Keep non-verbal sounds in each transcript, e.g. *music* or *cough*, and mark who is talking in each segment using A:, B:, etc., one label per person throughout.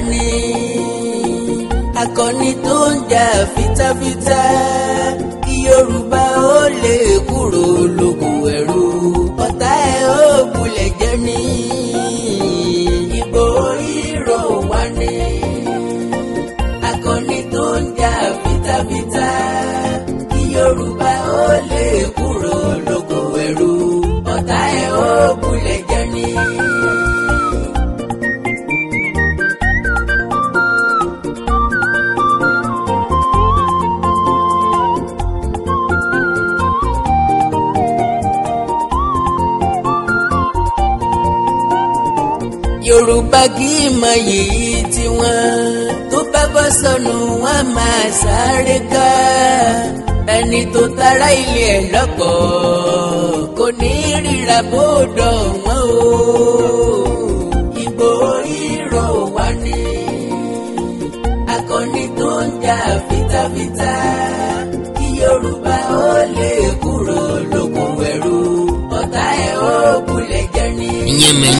A: akọni akọni tó ń jà fitafita kí Yorùbá ó lè kúrò lóko ẹrú ọ̀tá ẹ̀ ó kulẹ̀ jẹ́ ní ìbò ìrò wa ni akọni tó ń jà fitafita. kí mọ yìí tí wọ́n tó bá bọ́ sọnù wọ́n máa sáré ká ẹni tó tara ilé ẹ̀ lọ́pọ̀ kò ní ríra bóòdọ̀ wọn o ìgbò rírọ̀ wá ní akọni tó ń jà fitafita kí Yorùbá ó lè kúrò lókun ẹrú ọ̀tá ẹ̀ ó kulẹ̀ jẹ́ ní. ìyẹn mẹ́rin.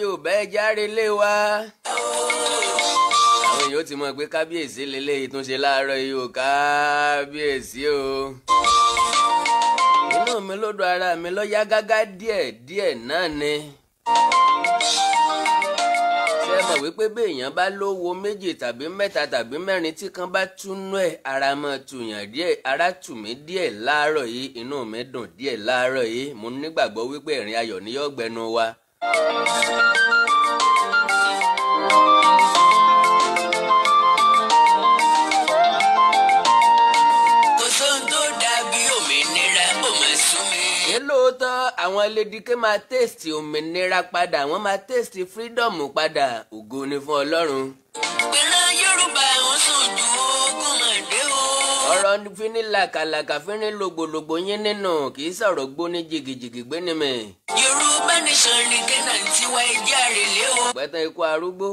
B: yorùbá ẹ járe lé wa. àwọn èèyàn ti mọ̀ pé kábíyèsí lélẹ́yìí tún ṣe láàárọ̀ yìí o kábíyèsí o inú mi lọ́dọ̀ ara mi ló yá gágá díẹ̀ díẹ̀ náà ni. ṣé ẹ mọ̀ wípé bí èèyàn bá lówó méjì tàbí mẹ́ta tàbí mẹ́rin tí kan bá túnú ẹ̀ ara mọ̀ tùyàn díẹ̀ ara tù mí díẹ̀ láàárọ̀ yìí inú mi dùn díẹ̀ láàárọ̀ yìí mo nígbàgbọ́ wípé ẹ̀rín ayọ̀ ni yóò gbẹnu wa àwọn lédìké máa tẹ́sítì òmìnira padà wọ́n máa tẹ́sítì fírídọ̀mù padà ògo ni fún ọlọ́run. ìran yorùbá ń
A: sùn ju ogún màdé o ọ̀rọ̀
B: fínní làkàlàkà fínní lògbòlògbò yín nínú kì í sọ̀rọ̀ gbóni jìgìjìgì gbé ni mi.
A: yorùbá nation ni kẹ́nà ti wá ẹjẹ́ àrèlé o. pẹ̀tàn ikú arúgbó.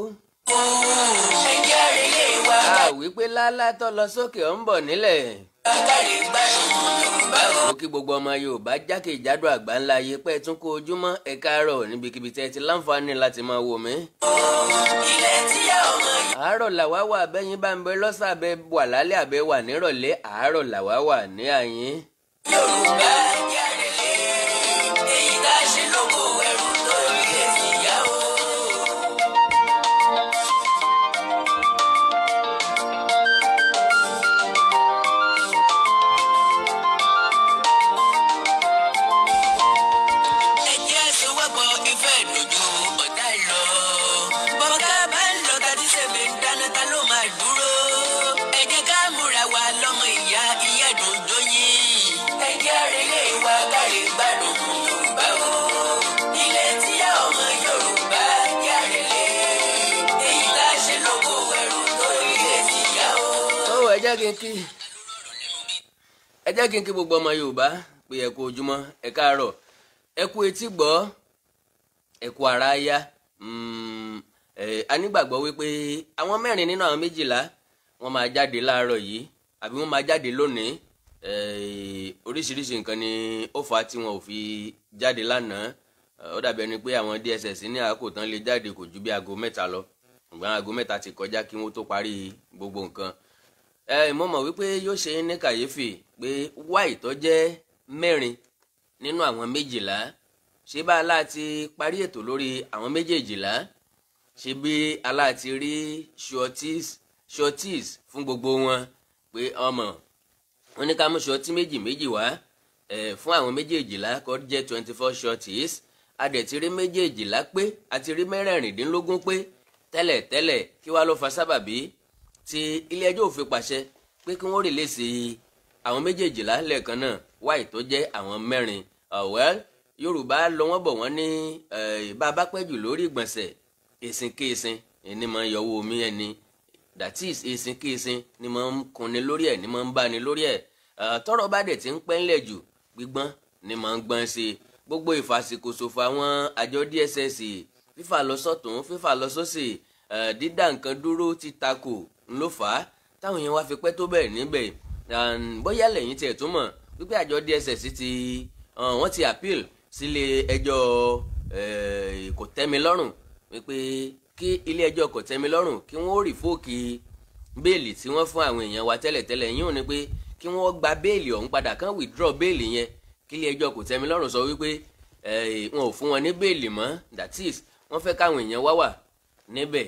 A: ooo ẹjẹ́ àrèlé wa. a wípé lálá tó lọ sókè ó ń
B: bọ̀ nílẹ̀ mo kí gbogbo ọmọ yorùbá jákèjádò àgbáńlá ayé pé tún kó ojúmọ́ ẹ káàárọ̀ níbikíbi tẹ́ ti láǹfààní láti máa wò mí. àárọ̀ làwa wà bẹ́yìn bá ń bẹ lọ́sàbẹ̀ wà lálẹ́ àbẹ̀ wà nírọ̀lẹ́ àárọ̀ làwa wà ní àyín. yorùbá jẹ́ kí ẹ jẹ́ kí n kí gbogbo ọmọ Yorùbá pé ẹ kú ojúmọ́ ẹ káàárọ̀ ẹ kú etí gbọ́ ẹ kú ara yá mm, a nígbàgbọ́ wípé àwọn mẹ́rin nínú àwọn méjìlá wọ́n máa jáde láàárọ̀ yìí àbí wọ́n máa jáde lónìí oríṣiríṣi nǹkan ni ó fà á tí wọn ò fi jáde lánàá ó dàbí ẹni pé àwọn DSS ní àkókò tán lè jáde kò ju bí aago mẹ́ta lọ ṣùgbọ́n aago mẹ́ta ti kọjá kí wọ́n tó parí gbogbo nǹkan ẹ mo mọ̀ wípé yóò ṣe ní kàyéfì pé wáì tó jẹ́ mẹ́rin nínú àwọn méjìlá ṣé bá aláàtì parí ètò lórí àwọn méjèèjìlá ṣé bí aláàtì rí shorties shorties fún gbogbo wọn pé ọmọ wọn ní ká mú shorty méjì méjì wá ẹ fún àwọn méjèèjìlá kó jẹ́ twenty four shorties adẹ̀tí rí méjèèjìlá pé àti rí mẹ́rẹ̀ẹ̀rìndínlógún pé tẹ́lẹ̀ tẹ́lẹ̀ kí wá ló fa sábàbí tí ilé ẹjọ́ òfin pàṣẹ pé kí wọ́n rìlẹ́sì àwọn méjèèjìlá lẹ́ẹ̀kan náà wáì tó jẹ́ àwọn mẹ́rin ọ̀wẹ́l uh, yorùbá lọ wọ́n bọ̀ wọ́n ní uh, bàbá pẹ́jù lórí ìgbọ̀nsẹ̀ èsìnkéèsìn ẹni máa yọwọ́ omi ẹni that is èsìnkéèsìn ni máa ń kunni lórí ẹ̀ ni máa ń báni lórí ẹ̀ uh, tọ́rọ̀ bá dẹ̀ ti ń pẹ́ńlẹ̀ jù gbígbọ́n ni máa ń gbọ́n sí i gbogbo ìfàsìkòsòfò àwọn àjọ DSS fífà lọ sọ́tún fífà lọ sósì dídá nǹkan dúró ti takò ló fà á táwọn yẹn wá fi pẹ́ tó bẹ̀rẹ̀ níbẹ̀ bóyá lẹ́yìn tiẹ̀ tó mọ̀ wípé àjọ DSS ti uh, wọ́n ti appeal sílé ẹjọ́ eh, kòtẹ́milọ́rùn wípé kí ilé ẹjọ́ kòtẹ́milọ́rùn kí wọ́n ó rìfóòkì béèlì tí wọ́n fún àwọn èèyàn wa tẹ́lẹ̀tẹ́lẹ̀ yín ò ní pé kí wọ́n gba béèlì ọ̀hún padà kán withdraw béèlì yẹn kí ilé ẹjọ́ kòtẹ́milọ́rùn sọ wípé eh, wọn ò fún wọn ní béèlì mọ́ that is wọ́n fẹ́ káwọn èèyàn wá wà níbẹ̀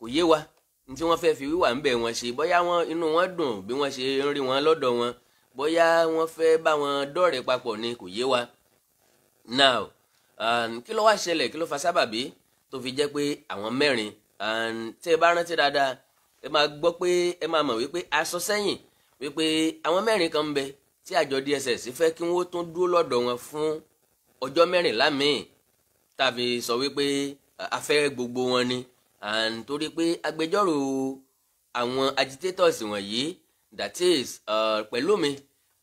B: kò yé wa tí wọ́n fẹ́ẹ́ fi wíwà ńbẹ̀ wọn ṣe bóyá wọn inú wọn dùn bí wọ́n ṣe ń rí wọn lọ́dọ̀ wọn bóyá wọ́n fẹ́ẹ́ bá wọn dọ̀rẹ́ papọ̀ ni kò yé wa. now kí ló wá ṣẹlẹ̀ kí ló fa sábàbí tó fi jẹ́ pé àwọn mẹ́rin tẹ́ ẹ bá rántí dáadáa ẹ máa gbọ́ pé ẹ máa mọ̀ wípé aṣọ sẹ́yìn wípé àwọn mẹ́rin kan ń bẹ tí àjọ DSS fẹ́ kí wọ́n tún dúró lọ́dọ̀ wọn fún ọjọ́ mẹ́rìnlá míì tàbí sọ wípé a gbogbo wọn ni and torí pé agbẹjọ́rò àwọn agitators wọ̀nyí that is uh, Pẹ̀lúmi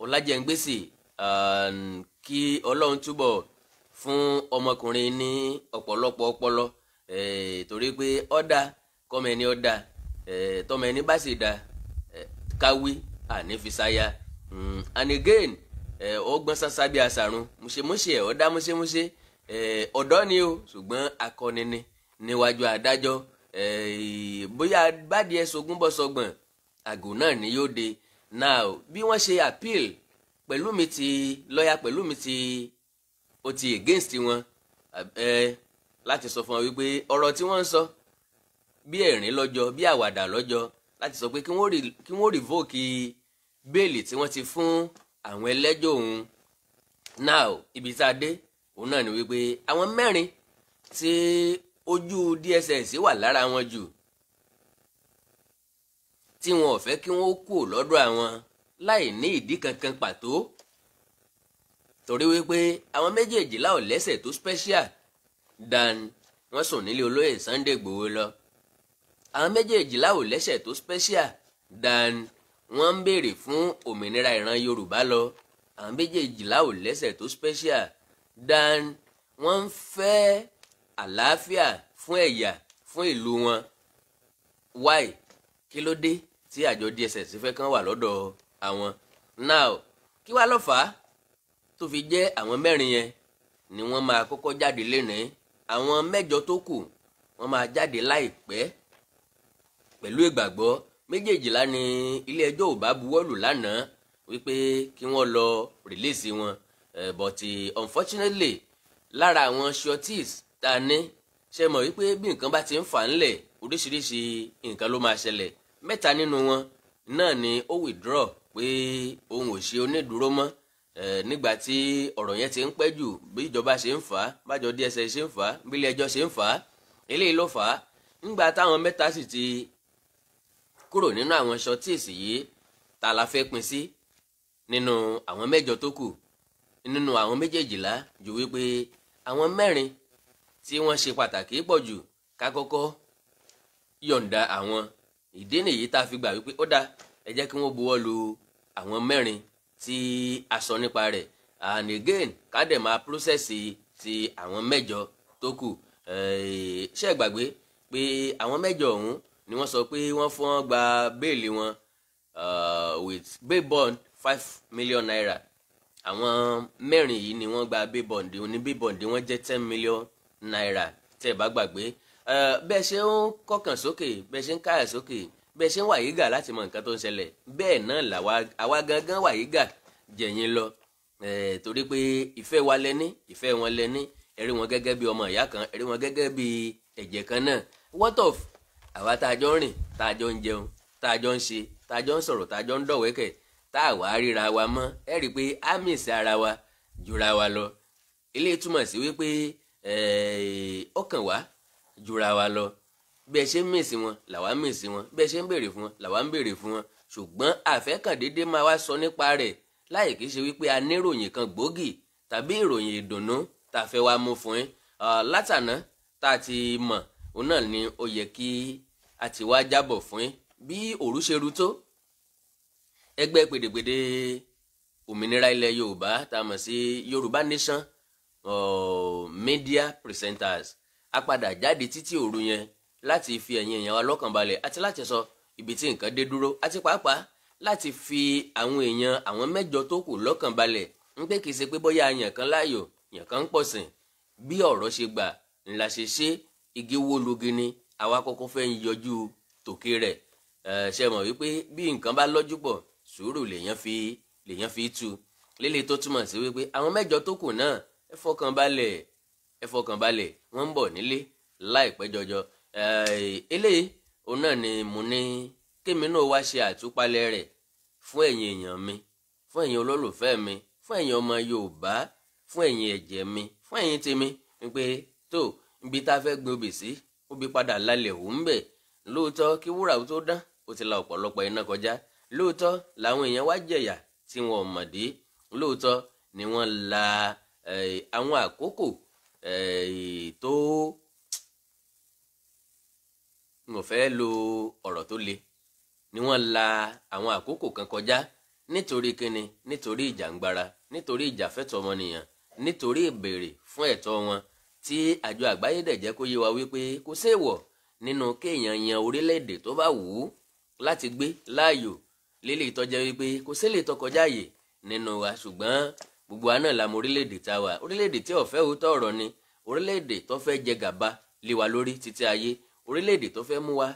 B: Ọlájẹngbèsè um, kí Ọlọ́run túbọ̀ fún ọmọkùnrin ní ọ̀pọ̀lọpọ̀ ọpọlọ eh, torí pé ọ̀dà kọ́mọ ẹni ọ̀dà eh, tọ́mọ ẹni bá sì dá eh, káwí ànífisaya hmm, and again ọgbọ́n eh, sánsá bí àṣàrùn múṣemúṣe ọ̀dà múṣemúṣe eh, ọ̀dọ́ ni o ṣùgbọ́n akọni ni níwájú adájọ́ bóyá bádìẹ sogún bọ́ sọgbọ̀n àgò náà ni yóò de now bí wọ́n ṣe appeal pẹ̀lú mi ti lọ́ọ̀yà pẹ̀lú mi ti ó ti against wọn láti sọ fún wọn wípé ọ̀rọ̀ tí wọ́n ń sọ bí ẹ̀rín lọ́jọ́ bí àwàdà lọ́jọ́ láti sọ pé kí wọ́n revoke bẹ́ẹ̀lì tí wọ́n ti fún àwọn ẹlẹ́jọ́ òun now ibi tá a dé òun náà ni wípé àwọn mẹ́rin tí ojú DSS wà lára wọn jù tí wọn ò fẹ́ kí wọ́n kú lọ́dọ̀ àwọn láì ní ìdí kankan pàtó torí wípé àwọn méjèèjì láò lẹ́sẹ̀ tó special dan wọ́n sùn nílé olóyè Sunday Igboho lọ àwọn méjèèjì láò lẹ́sẹ̀ tó special dan wọ́n ń béèrè fún òmìnira ìran Yorùbá lọ àwọn méjèèjì láò lẹ́sẹ̀ tó special dan wọ́n ń fẹ́ àlàáfíà fún ẹ̀yà fún ìlú wọn why kí ló dé tí àjọ DSS fẹ́ kàn wà lọ́dọ̀ àwọn now kí wàá lọ fà á tó fi jẹ́ àwọn mẹ́rin yẹn ni wọ́n máa kọ́kọ́ jáde lénìí àwọn mẹ́jọ tó kù wọ́n máa jáde láìpẹ́ pẹ̀lú ìgbàgbọ́ méjèèjìlá ni ilé ẹjọ́ ò bá buwọ́lù lánàá wípé kí wọ́n lọ rìlíìsì wọn eh, but unfortunately lára àwọn sureties ta ní ṣe mọ̀ wípé bí nǹkan bá ti ń fà ńlẹ̀ oríṣiríṣi nǹkan ló máa ṣẹlẹ̀ mẹ́ta nínú wọn náà ni ó withdraw pé òun ò ṣe onídùúró mọ́ nígbà tí ọ̀rọ̀ yẹn ti ń pẹ́ jù bí ìjọba ṣe ń fà á bájọ DSS ṣe ń fà á bí ilé ẹjọ́ ṣe ń fà á eléyìí ló fà á nígbà táwọn mẹ́ta sì ti kúrò nínú àwọn ṣọtíìsì yìí ta la fẹ́ pín sí nínú àwọn mẹ́jọ tó kù nínú àwọn méjèèjìlá ju wípé àwọn mẹ́rin tí wọ́n ṣe pàtàkì pọ̀ jù ká kọ́kọ́ yọ̀ǹda àwọn ìdí nìyí tá a fi gbà wípé ó dáa ẹ jẹ́ kí wọ́n buwọ́ lu àwọn mẹ́rin tí a sọ nípa rẹ̀ and again ká dẹ̀ máa prósẹ̀sì ti àwọn mẹ́jọ tó kù eh, ṣe é gbàgbé pé àwọn mẹ́jọ ọ̀hún ni wọ́n sọ pé wọ́n fún gba béèlì wọn uh, with bail bond five million naira àwọn mẹ́rin yìí ni wọ́n gba bail bond ní bail bond wọ́n jẹ́ ten million náírà tẹ́ ẹ bá gbàgbé bẹ́ẹ̀ ṣe ń kọkàn sókè bẹ́ẹ̀ ṣe ń káyà sókè bẹ́ẹ̀ ṣe ń wàyígà láti mọ nǹkan tó ń ṣẹlẹ̀ bẹ́ẹ̀ náà làwa àwa gangan wàyígà jẹ̀yìn lọ torí pé ìfẹ́ wa lẹ́ni ìfẹ́ wọn lẹ́ni ẹ̀rí wọn gẹ́gẹ́ bí ọmọ ìyá kan ẹ̀rí wọn gẹ́gẹ́ bí ẹ̀jẹ̀ kan náà what of àwa tá a jọ ń rìn tá a jọ ń jẹun tá a jọ ń ṣe tá a jọ ń sọ̀rọ̀ tá a jọ ń dọ̀wẹ́kẹ̀ tá a wàá ríra wa mọ́ ẹ rí i pé àmì ìsẹ́ ara wa jura wa lọ eléyìí túmọ̀ sí wípé ọkàn wa jura wa lọ bí ẹ ṣe ń mèsì wọn làwa ń mèsì wọn bí ẹ ṣe ń béèrè fún wọn làwa ń béèrè fún wọn ṣùgbọ́n àfẹ́kàndéédé máa wá sọ nípa rẹ̀ láì kí ṣe wípé a ní ìròyìn kan gbòógì tàbí ìròyìn ìdùnnú tá a fẹ́ wá mú fún yín látàná tá a ti mọ̀ òun náà ni ó yẹ kí a ti wá jábọ̀ fún yín bí òru ṣe ru tó ẹgbẹ́ pèdèpèdè òmìnira ilẹ̀ yorùbá tá a mọ̀ sí yorùbá nation uh, media presenters a padà jáde títí òru yẹn láti fi ẹ̀yin èèyàn wa lọ́kàn balẹ̀ àti láti sọ ibi tí nǹkan dé dúró àti pàápàá láti fi àwọn èèyàn àwọn mẹ́jọ tó kù lọ́kàn balẹ̀ ń pé kìí ṣe pé bóyá yàn kan láàyò yàn kan ń pọ̀sìn bí ọ̀rọ̀ ṣe gbà ńlá ṣe ṣe igi wo lugi ni àwa kọ́kọ́ fẹ́ ń yọjú tòkè rẹ̀ eh, ṣe mọ̀ wípé bí nǹkan bá lọ́jú pọ̀ sùúrù lèèyàn fi lèèyàn fi tu lélẹ̀ tó túmọ̀ sí wípé àwọn mẹ́jọ tó kù náà ẹ fọkàn balẹ̀ ẹ fọkàn balẹ̀ wọ́n ń bọ̀ nílé láìpẹ́ jọjọ eléyìí òun náà ni mo ní kémi náà wá ṣe àtúpalẹ̀ rẹ̀ fún ẹ̀yin èèyàn mi fún ẹ̀yin olólùfẹ́ mi fún ẹ̀yin ọmọ Yorùbá fún ẹ̀yin ẹ̀jẹ̀ mi fún ẹ̀yin tèmi wípé tó ibi tá a fẹ́ gbin obì sí obì padà lálẹ́ òun bẹ̀ lóòótọ́ kí wúrà tó dán ó ti la ọ̀pọ̀lọpọ̀ iná kọjá lóòótọ́ làwọn èèyàn wá jẹ̀yà tí wọn ò mọ̀dé lóòótọ́ ni wọ́n la Eh, àwọn àkókò eh, tó n ò fẹ́ lo ọ̀rọ̀ tó le ni wọ́n la àwọn àkókò kan kọjá nítorí kíni nítorí ìjàngbara nítorí ìjàfẹ́tọ̀ ọmọnìyàn nítorí ìbèrè fún ẹ̀tọ́ wọn tí àjọ àgbáyé dẹ̀ jẹ́ kó yé wa wípé kò séèwọ̀ nínú kéèyàn yan orílẹ̀-èdè tó bá wù ú láti gbé láàyò lélẹ̀ ìtọ́jẹ́ wípé kò sí lè tọkọjá àyè nínú wa ṣùgbọ́n gbogbo àná la mọ orílẹ̀-èdè tá a wà orílẹ̀-èdè tí ó fẹ́ òótọ́ ọ̀rọ̀ ni orílẹ̀-èdè tó fẹ́ jẹ gàba lé wa lórí títí ayé orílẹ̀-èdè tó fẹ́ mú wa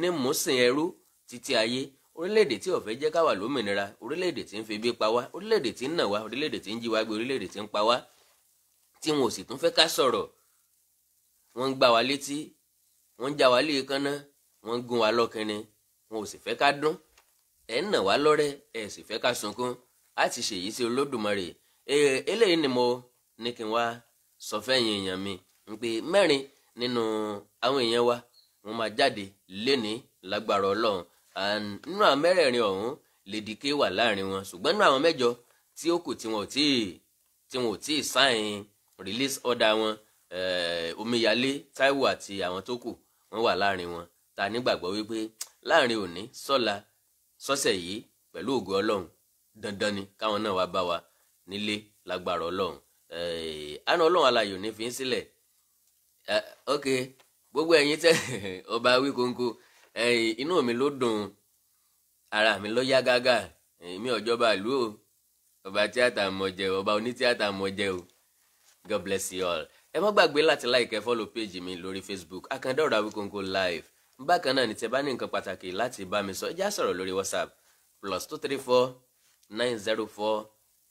B: ní mùsìn ẹrú títí ayé orílẹ̀-èdè tí ó jẹ́ ká lómìnira orílẹ̀-èdè tí ń febi pa wá orílẹ̀-èdè tí ń nà wá orílẹ̀-èdè tí ń jí wá gbé orílẹ̀-èdè tí ń pa wá tí wọn ò sì tún fẹ́ ká sọ̀rọ̀ wọ́n gbá wa létí wọ́n ń já wa lé kánná wọ́n ń gún wa lọ́kìnrin wọn ò sì fẹ́ ká dún ẹ̀ ń nà wá lọ́rẹ́ ẹ̀ sì fẹ́ ká sunkún á ṣèyí sí Olódùmarè eléyìí ni mo ní kí n wá sọ fẹ́yìn èèyàn mi pé mẹ́rin nínú àwọn èèyàn wa wọ́n máa jáde lénìí lágbára ọlọ́run nínú àwọn mẹ́rẹ̀ẹ̀rin ọ̀hún Lady K wà láàrin wọn ṣùgbọ́n nínú àwọn mẹ́jọ tí ó kù tí wọn tí tí wọn tí ì release order wọn Omíyalé Táíwò àti àwọn tó kù wọn wà láàrin wọn ta nígbàgbọ́ wípé láàrin òní sọ́la sọ́sẹ̀ yìí pẹ̀lú ògo ọlọ́run dandan ni káwọn náà wá bá wa nílé lágbára ọlọ́run eh, àná ọlọ́run alayò ní fi ń sílẹ̀ eh, ok gbogbo ẹ̀yin tẹ́ *laughs* ọba wíkóńkó eh, inú mi ló dùn ara mi ló yá gágá èmi ọ̀jọba ìlú o ọba tíátà mọ̀jẹ ọba onítíátà mọ̀jẹ o god bless you all ẹ má gbàgbé láti like ẹ follow page mi lórí facebook Akanda Ọ̀rọ̀ Awíkonko live bákan náà ní tẹ́ bá ní nǹkan pàtàkì láti bá mi sọ ẹ já sọ̀rọ̀ lórí whatsapp plus two three four nine zero four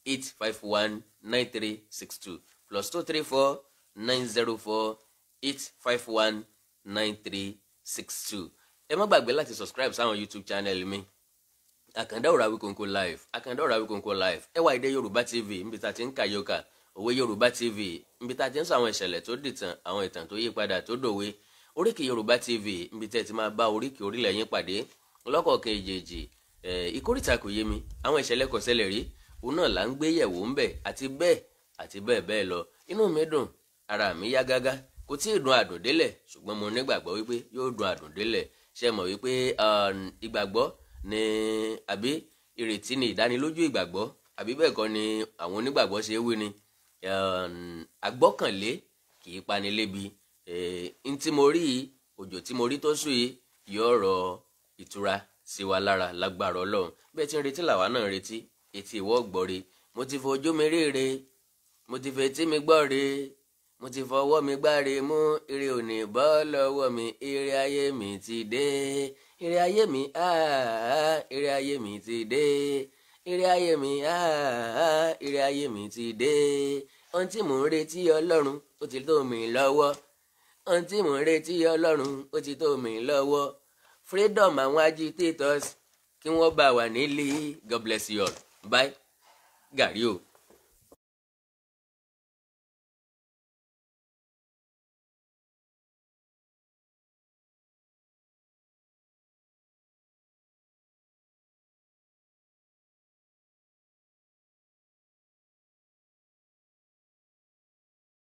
B: eight five one nine three six two plus two three four nine zero four eight five one nine three six two ẹ má gbàgbé láti subscribe sáwọn youtube channel mi àkàndá ọ̀rọ̀ Awíkonko live àkàndá ọ̀rọ̀ Awíkonko live ẹ wá ìdẹ yorùbá tv níbi tá a ti ń kà yọkà òwe yorùbá tv níbi tá a ti ń sọ àwọn ìṣẹ̀lẹ̀ tó dìtàn àwọn ìtàn tó yí padà tó dòwe oríkì yorùbá tv níbi tẹ́ ẹ ti máa bá oríkì orílẹ̀ yín pàdé lọ́kọ̀ọ̀kan èjèèjì ìkórìtà kò yé mi àwọn ìṣẹ̀lẹ̀ kò ṣẹlẹ̀ rí òun náà là ń gbé yẹ̀wò ń bẹ̀ àti bẹ́ẹ̀ àti bẹ́ẹ̀ bẹ́ẹ̀ lọ inú mi dùn ara mi yá gágá kò tí ì dùn àdùn délẹ̀ ṣùgbọ́n mo nígbàgbọ́ wípé yóò dùn àdùn délẹ̀ ṣe mọ̀ wípé um, ìgbàgbọ́ ni àbí ìrètí ni ìdánilójú ìgbàgbọ́ àbí bẹ́ẹ̀ kọ́ ni àwọn onígbàgbọ́ ṣe wí ni àgbọ́kànlé um, kì í pani lébi n tí mo rí òjò tí mo rí tó sùn yìí yọ ìtura sí wa lára lágbára Ọlọ́run bẹ́ẹ̀ tí ń retí làwa náà ń retí etí ìwọ gbọ́re mo ti fojú mi ríre mo ti fetí mi gbọ́re mo ti fọwọ́ mi gbáre mú eré òní bọ́ lọ́wọ́ mi eré ayé mi ti dé eré ayé mi áá ah, eré ayé mi ti dé eré ayé mi áá ah, eré ayé mi ti dé ohun tí mò ń retí ọlọ́run ó ti tó mi lọ́wọ́ ohun tí mò ń retí ọlọ́run ó ti tó mi lọ́wọ́ freedom àwọn agitators kí wọ́n bá wà nílé God bless you
A: all. bye gàrí You.